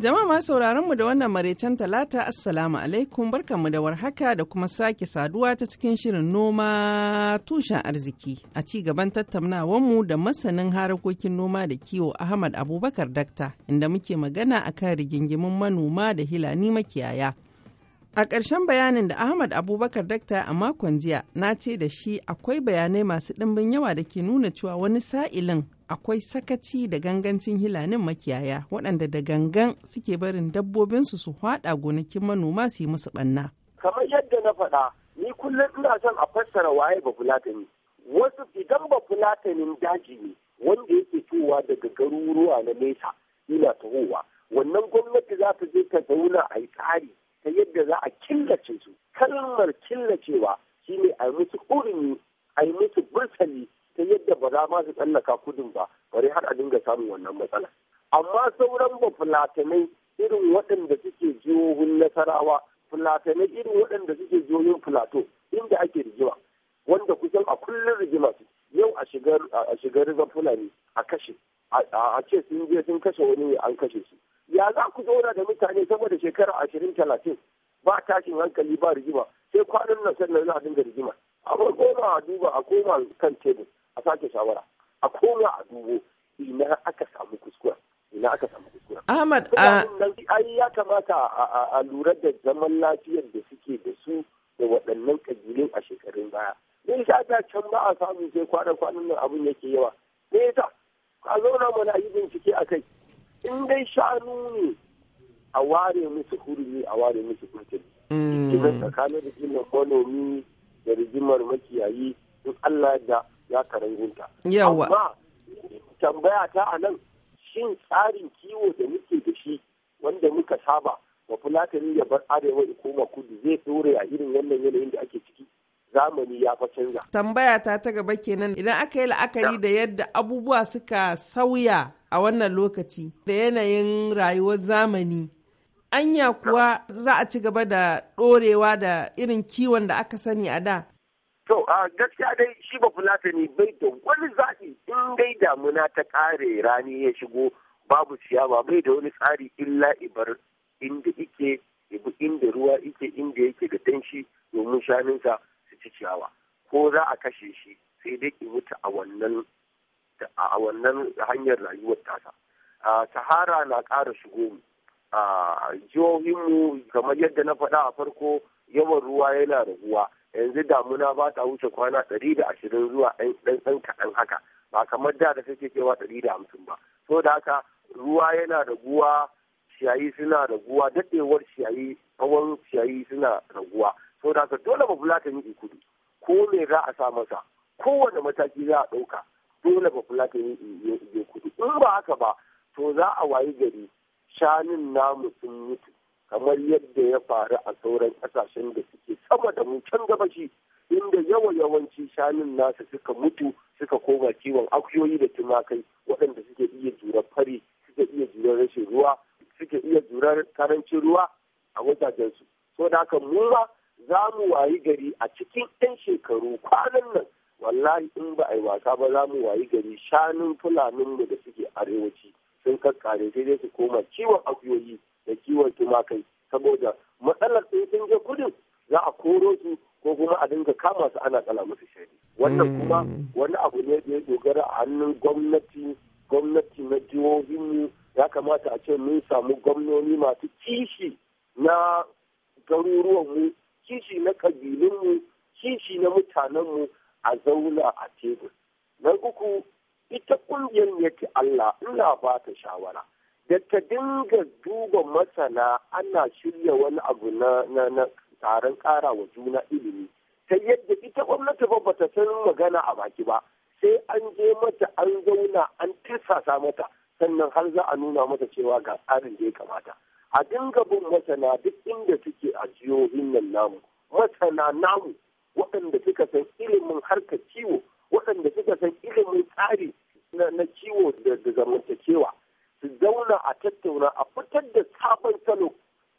Jama'a ma sauraron mu da wannan maraicen talata assalamu alaikum barkanmu da warhaka da kuma sake saduwa ta cikin shirin noma tushen arziki a ci gaban mu da masanin harakokin noma da kiwo Ahmad Abubakar Dakta inda muke magana akan rigingimin manoma da hilani makiyaya. A ƙarshen bayanin da Ahmad Abubakar dakta a makon jiya na ce da shi akwai bayanai masu ɗimbin yawa da ke nuna cewa wani sa'ilin akwai sakaci da gangancin hilanin makiyaya waɗanda da gangan suke barin dabbobinsu su haɗa gonakin manoma su yi musu ɓanna. Kamar yadda na faɗa, ni kullum ina son a fassara waye ba fulatani. Wasu idan ba fulatanin daji ne wanda yake fitowa daga garuruwa na nesa ina tahowa. Wannan gwamnati za ta je ta zauna a yi tsari ta yadda za a killace su kalmar killacewa shi ne a musu urumi a yi musu burtali ta yadda ba za ma su tsallaka kudin ba bari har a dinga samun wannan matsala amma sauran ba fulatanai irin waɗanda suke jihohin nasarawa fulatanai irin waɗanda suke jihohin filato inda ake rigima wanda kusan a kullum rigima su yau a shigar a fulani a kashe a ce sun je sun kashe wani an kashe su ya za ku zauna da mutane sama da shekara ashirin talatin ba tashin hankali ba rigima sai kwanan nan sannan za a dinga rigima a koma a duba a koma kan tebur a sake shawara a koma a dubo ina aka samu kuskura ina aka samu kuskura Ahmad a ai ya kamata a lura da zaman lafiyar da suke da su da waɗannan kabilun a shekarun baya me yasa can ba a samu sai kwanan kwanan nan abin yake yawa me yasa a zauna mana yi bincike a kai in dai shanu ne a ware musu hurumi a ware musu kurkuri rigimar mm. tsakanin rigimar manomi da rigimar makiyayi in Allah da ya karanginta yawa amma tambaya ta a nan shin tsarin kiwo da muke da shi wanda muka saba ba fulatani ya bar arewa ya koma kudu zai dore a irin wannan yanayin da ake ciki zamani ya fa canza. Tambaya ta ta gaba kenan idan aka yi la'akari da yadda abubuwa suka sauya a wannan lokaci da yanayin rayuwar zamani anya kuwa za a ci gaba da ɗorewa da irin kiwon da aka sani a da To a gaskiya dai shi ba ne bai da wani zaɓi in dai damuna ta ƙare rani ya shigo babu ciyawa bai da wani tsari illa ibar inda ike inda ruwa ike inda yake da danshi domin shanunsa su ci ciyawa ko za a kashe shi sai dai ki mutu a wannan a wannan hanyar rayuwar tasa sahara na ƙara shigo mu jihohinmu kamar yadda na faɗa a farko yawan ruwa yana raguwa yanzu damuna ba ta wuce kwana ɗari da ashirin zuwa ɗan ɗan kaɗan haka ba kamar da da take cewa ɗari da hamsin ba so da haka ruwa yana raguwa ciyayi suna raguwa daɗewar ciyayi tsawon ciyayi suna raguwa so da haka dole ba fulata ni kudu ko me za a sa masa kowane mataki za a ɗauka dole ba fulatani yi kudu in ba haka ba to za a wayi gari shanin namu sun mutu kamar yadda ya faru a sauran kasashen da suke sama da mu can gabashi inda yawa yawanci shanun nasu suka mutu suka koma kiwon akuyoyi da tumakai waɗanda suke iya jurar fari suke iya jurar rashin ruwa suke iya jurar karancin ruwa a wajajensu so da haka mu ma za mu wayi gari a cikin 'yan shekaru kwanan nan wallahi in ba a yi wasa ba za mu wayi gari shanun fulanin mu da suke arewaci sun kakkare sai dai su koma kiwon akuyoyi da kiwon tumakai saboda matsalar sai sun je kudin za a koro su ko kuma a dinga kama su ana tsala musu shari wannan mm. kuma wani abu ne da ya dogara a hannun gwamnati gwamnati na jihohinmu ya kamata a ce mun samu gwamnoni masu kishi na garuruwanmu kishi na kabilunmu kishi na mutanen mu a zauna a tebur na uku ita kungiyar yake Allah ina ba ta shawara da ta dinga duba masana ana shirya wani abu na taron wa juna ilimi ta yadda ita gwamnati ba bata san magana a baki ba sai an je mata an zauna an tirsasa mata sannan har za a nuna mata cewa ga tsarin da ya kamata a dinga bin masana duk inda suke a jihohin nan namu masana namu waɗanda suka san ilimin harkar ciwo waɗanda suka san ilimin tsari na ciwo da zamantakewa su zauna a tattauna a fitar da sabon salo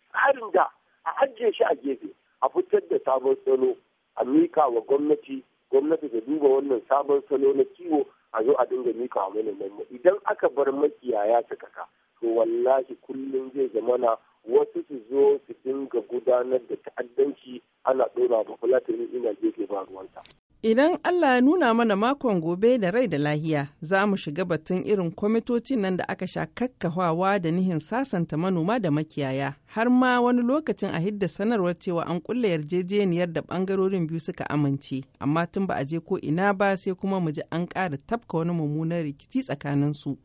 tsarin da a ajiye shi a gefe a fitar da sabon salo a mika wa gwamnati gwamnati ta duba wannan sabon salo na ciwo a zo a dinga mika wa manoman mu idan aka bar makiyaya su kaka to wallahi kullum zai zamana wasu su zo su dinga gudanar da ta'addanci ana ɗora ba yin ina gefe ba ruwanta. Idan Allah ya nuna mana makon gobe da rai da lahiya, za mu shiga batun irin kwamitocin nan da aka sha kakkahawa da nihin sasanta manoma da makiyaya, har ma wani lokacin a hidda sanarwar cewa an kulle yarjejeniyar da bangarorin biyu suka amince, amma tun ba a je ko ina ba sai kuma mu ji an ƙara tafka wani mummunan rikici tsakanin su.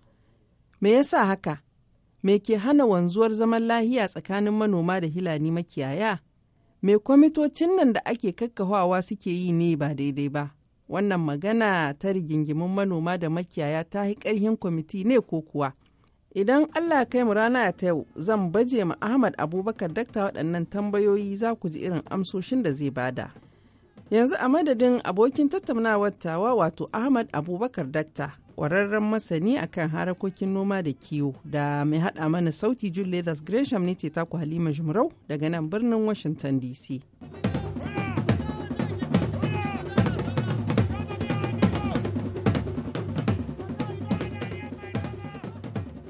Me yasa haka? Me ke hana wanzuwar zaman lahiya tsakanin manoma da hilani makiyaya? Mai kwamitocin nan da ake kakkahawa suke yi ne ba daidai ba? Wannan magana ta rigingimin manoma da makiyaya ta yi ƙarhin kwamiti ne ko kuwa? Idan Allah kai mu rana ta yau zan baje ma Ahmad Abubakar dakta waɗannan tambayoyi za ku ji irin amsoshin da zai bada. Yanzu a madadin abokin tattaunawar tawa wato Ahmad Abubakar dakta ƙwararren masani akan harakokin noma da kiwo da mai haɗa mana sauti Julius Gresham ne ce taku Halima Jumrau daga nan birnin Washington DC.